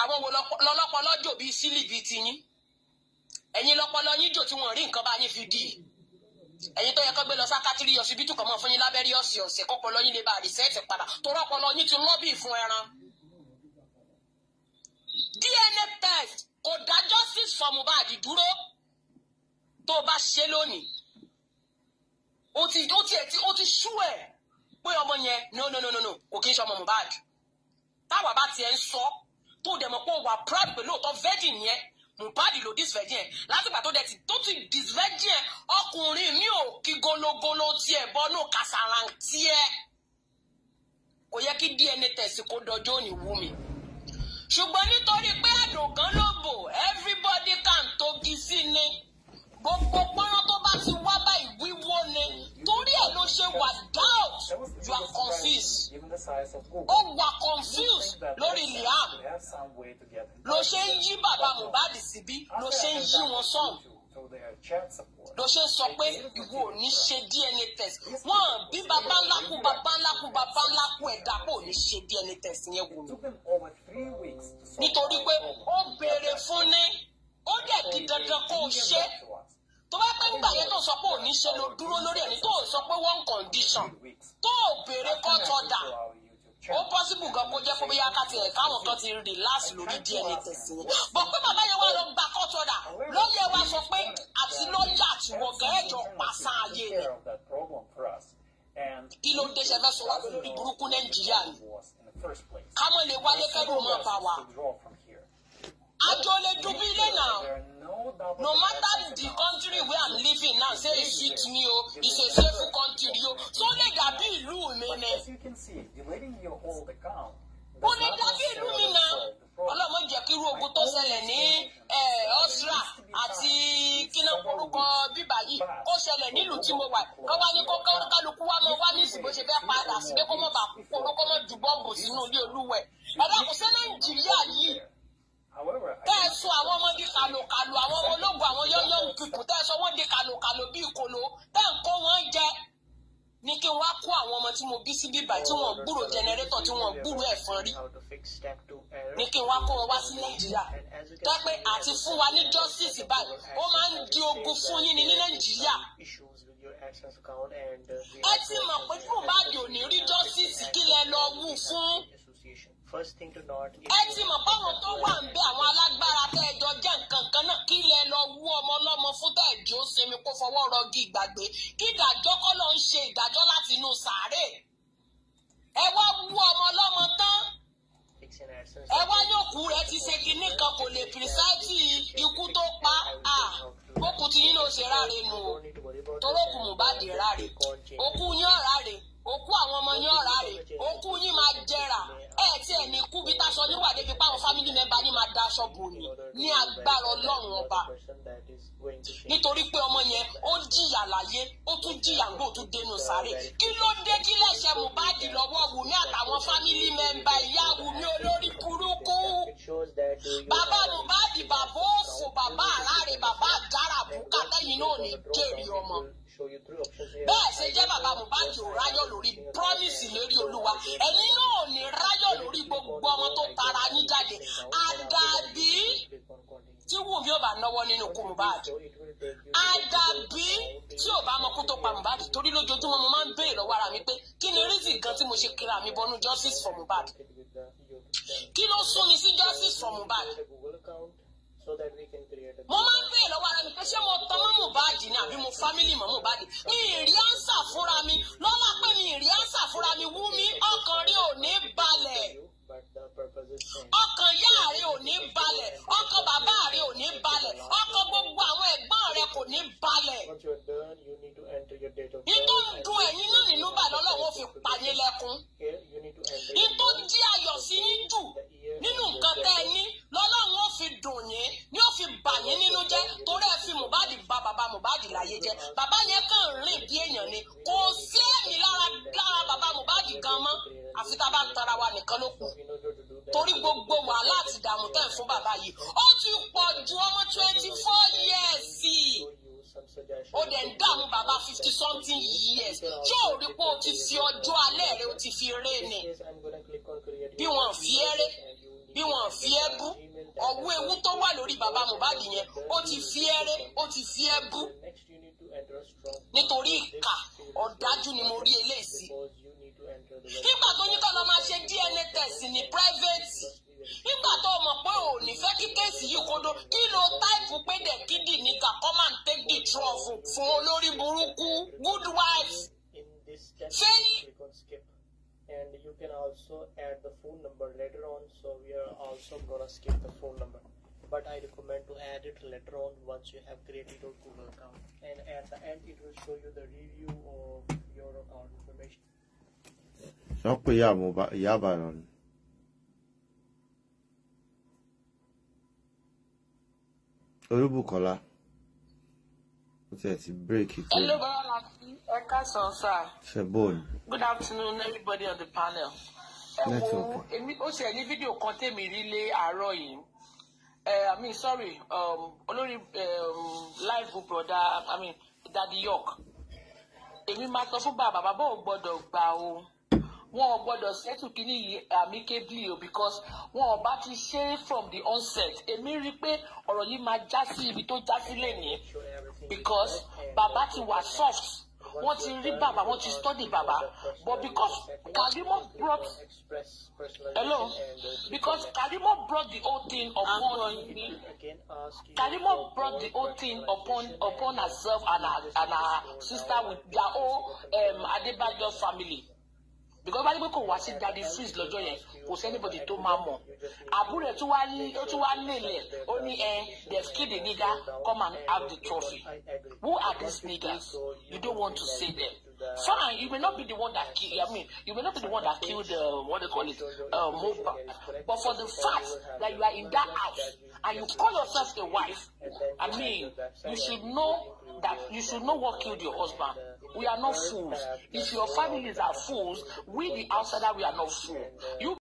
àwọn wo lọ́lọ́pọ̀ lọ́jọ́ bíi sílíbi tiyín ẹ̀yin lọ́pọlọ yín jò tí wọ́n rí nǹkan bá yín fi dì í ẹ̀yin tó yẹ kó gbé lọ sákàtìrì ọsibítù kan mọ́ fún yín lábẹ́rẹ́ ọ̀sẹ̀ ọ̀sẹ̀ kọ́pọlọ yín lè bá rìsẹ́ẹ̀tì padà tó rọ́pọlọ yín ti lọ́bì fún ẹran. DNA test kò dá justice for Mohbad dúró tó o bá ṣe lónìí o ti o ti ti o ti ṣú ẹ pé ọmọ yẹn no no no no no kò kí n ṣe ọmọ Mohbad táwa bá tiẹ̀ ń sọ. So tó dẹ̀ mọ̀ pé wà proud pé lóòótọ́ virgin yẹn Mohbad ló dis virgin látìgbà tó dẹ̀ ti tó ti dis virgin ọkùnrin mi ò kí gologolo tiẹ̀ bọ́nú kàṣàrántí ẹ̀ kò yẹ kí DNA test kó dọjọ́ òní wú mi ṣùgbọ́n nítorí pé àdògán ló bò everybody can togi sí ni gbogbo pọ́nrán tó torí ẹ̀ ló ṣe wà doubt you are confused ó wà confused lórí liam ló ṣe ń yí bàbá Mohbad síbí ló ṣe ń yí wọn sọ̀rọ̀ ló ṣe sọ pé ìwọ ò ní ṣe DNA test wọn bí bàbá ńlá kú bàbá ńlá kú bàbá ńlá kú ẹ̀dá kò ní ṣe DNA test yẹn wò mí nítorí pé ó béèrè fún ní ó dẹ̀ di dandan kó o ṣe tó bá pẹ́ nígbà yẹn tó sọ pé òní ṣe ló dúró lórí ẹni tó sọ pé one condition tó béèrè court order ó possible gan kó jẹ́ pé bóyá ká tiẹ̀ káwọn tó ti rí last lórí DNA test yẹn bọ̀ pé bàbá yẹn wá lọ gba court order lọ́yẹ̀ wa sọ pé àti lọ́yẹ̀ àti wọ̀gá ẹ̀jọ̀ pàṣẹ ayé rẹ̀ kí ló ń dé ṣẹfẹ́ sọ wá lórí burúkú Nàìjíríà ni ká mọ̀ lè wáyé kẹ́rù mọ́ bá wa àjọ lè dùn bí ilé náà no matter the country wey i'm living now say e sweet me o it's a safe country o so lè dàbí ìlú mi ni ó lè dàbí ìlú mi náà ọlọ́mọ jẹ́ kí irú ogun tó ṣẹlẹ̀ ní Ọ̀sra àti kíná orúkọ bíbá yìí kó ṣẹlẹ̀ nílùú tí mo wà kọ́ wá ní kó kálukú wá mọ́ wá ní ìsìnkú ṣe fẹ́ padà sí pé kó mọ̀ bá kó kó mọ̀ ju bọ́ọ̀bù sínú ilé olúwẹ̀ ẹ̀dá kò sẹ́ Nàìjíríà yìí tẹ́ ẹ sọ àwọn ọmọ di kàlòkàlò àwọn ológun àwọn yọ́yọ́ òkìkù tẹ́ sọ wọ́n di kàlòkàlò bí ìkòló tẹ́ kó wọ́n jẹ ní kí wọ́n á kó àwọn ọmọ tí mo bí sí bíbà tí wọ́n gbúrò jẹnẹrétọ̀ tí wọ́n gbúrò ẹ̀fọn rí ní kí wọ́n á kó wọn wá sí nàìjíríà tẹ́ pé àti fún wa ní justice báyìí ó máa ń di ogun fún yín ní nàìjíríà ẹ ti mọ̀ pé fún báàgì ò ní rí justice kí lẹ lọ wù fún first thing to note. ẹ ti mọ̀ báwọn tó wà ń bẹ àwọn alágbára tẹ́ jẹ́ nǹkan kan náà kí lẹ lọ wú ọmọ ọlọ́mọ fún tẹ́ sinmi kó fọwọ́ rọgí ìgbàgbé kí ìdájọ́ kọ́ ló ń ṣe ìdájọ́ láti inú sàárè ẹ wá wú ọmọ ọlọ́mọ tán ẹ wá yòókù rẹ ti ṣe kinní kan kò lè pírísáìtì ikú tó pa á bókù tí yín ló ṣe ráre nù o torókù Mohbad ráre òkú yín ọ̀ráre òkú àwọn ọmọ yín ọ̀ráre òkú yín máa jẹrà ẹ̀ tí ẹ̀ ní kú bí táṣọ níwàdé fi páwọn fámìlì mẹ́mbà ní máa daṣọ bò ní ní agbára ọlọ́run ọba nítorí pé ọmọ yẹn ó jìyà láyé ó tún jìyà ń tún dénú sáré kí ló dé kí lẹ́sẹ̀ Mohbad lọ́wọ́ Wùmí àtàwọn fámílì mẹ́mbà ìyá Wùmí olórí burúkú bàbá Mohbad bàbá òfò bàbá àláre bàbá àgárà bùkà lẹ́yìn náà ní kéèrè ọmọ bẹ́ẹ̀ ṣe jẹ́ bàbá Mohbad ráyọ̀ lórí promise lérí olúwa ẹ̀yin náà ní ráyọ̀ lórí gbogbo ọmọ tó tara yín jáde àdàbí tí Wùnmí ò bá náwó nínú ikú Mohbad àdàbí tí ò bá mọkú tó pa Mohbad torí lójoojúmọ́ mo máa ń béèrè lọ́wọ́ ara mi pé kí ni rízì gan tí mo ṣe kíra mi bọnú justice for Mohbad kí ló sún mi sí justice for Mohbad mo máa ń béèrè lọ́wọ́ ara mi pé ṣé mo tán Mohbad ni àbí mo fámìlì mọ́ Mohbad mi ìrí ánsà fúnra mi lọ́la pé mi ìrí ánsà fúnra mi wú mi ọkàn rí ò balẹ̀ ọkàn yá rẹ ò ní balẹ̀ ọkàn bàbá rẹ ò ní balẹ̀ ọkàn gbogbo àwọn ẹ̀gbọ́n rẹ kò ní balẹ̀. ìtò ń dun ẹ̀yin náà nínú bàlọ́ lọ́wọ́ fi pààyàn lẹ́kún. ìtò jí ayọ̀ sí yín jù nínú nǹkan tẹ́ ẹ ní lọ́lọ́run ó fi dùn yín ni ó fi bà yín nínú jẹ́ torí ẹ fi Mohbad ba bàbá Mohbad láyé jẹ́ bàbá yẹn kàn rìn bí èèyàn ni kò sí ẹ̀mí lára lára bàbá Mohbad gan mọ́ àfi tá a bá ń tara wa nìkan ló kù torí gbogbo wàhálà àti ìdààmú tẹ̀ fún bàbá yìí ó ti pọ̀ ju ọmọ twenty four years ó dẹ̀ ń dààmú bàbá fifty something years ṣé ò rí pé o ti fi ọjọ́ alẹ́ rẹ o ti fi ré ni bí wọ́n fi ẹ́ ré bí wọ́n fi ẹ́ bú ọ̀wọ́ ewu tó wà lórí bàbá Mohbad yẹn ó ti fi ẹ́rẹ́ ó ti fi ẹ́ nítorí ìkà ọ̀dájú ni mo rí eléyìí sí nígbà tó ní kọ́ máa ṣe DNA test ní private nígbà tó mọ̀ pé ò ní fẹ́ kí kéèsì yìí kodo kí ló táìpù pé kídì ní kà come and take the trophy fún olórí burúkú good wife fẹ́yìn. and you can also add the phone number later on so we are also gonna skip the phone number but I recommend to add it later on once you have created your Google account and at the end it will show you the review of your account information Sokku ya ya ó tẹ̀ ti bírèkì hello bàbá good afternoon everybody on the panel. ẹ wo èmi ó ṣe ní fídíò kan tèmi rí i mean sorry um, only um, live brother i mean daddy york èmi máa sọ fún bàbá bàbá ò gbọ́dọ̀ gbà o wọn ò gbọ́dọ̀ ṣẹ́tù kínní yìí amicably o because wọn ò bá ti ṣe é from the onset èmi rí i pé ọ̀rọ̀ yìí máa já sí ibi tó já sí lẹ́yìn because bàbá ti wà soft wọ́n ti rí bàbá wọ́n ti study bàbá but because Karimo brought hello because Karimo brought the whole thing upon Karimo brought the whole thing upon upon herself and her and her sister with their whole um, Adebayo family because bá dé pé kò wá sí Daddy Freeze lọ́jọ́ yẹn kò sí anybody tó máa mọ̀ àbúrò ẹ̀ tún wá lélẹ̀ ó ní ẹ eh, there's kid the nigger come and have the trophy who are these niggers you don't want to see them fine you may not be the one that kill I mean you may not be the one that kill the what they call it uh, Mohbad but for the fact that you are in that house and you call yourself a wife I mean you should know that you should know what killed your husband We are not fools. If your families are fools, we the outsider, we are not fools. You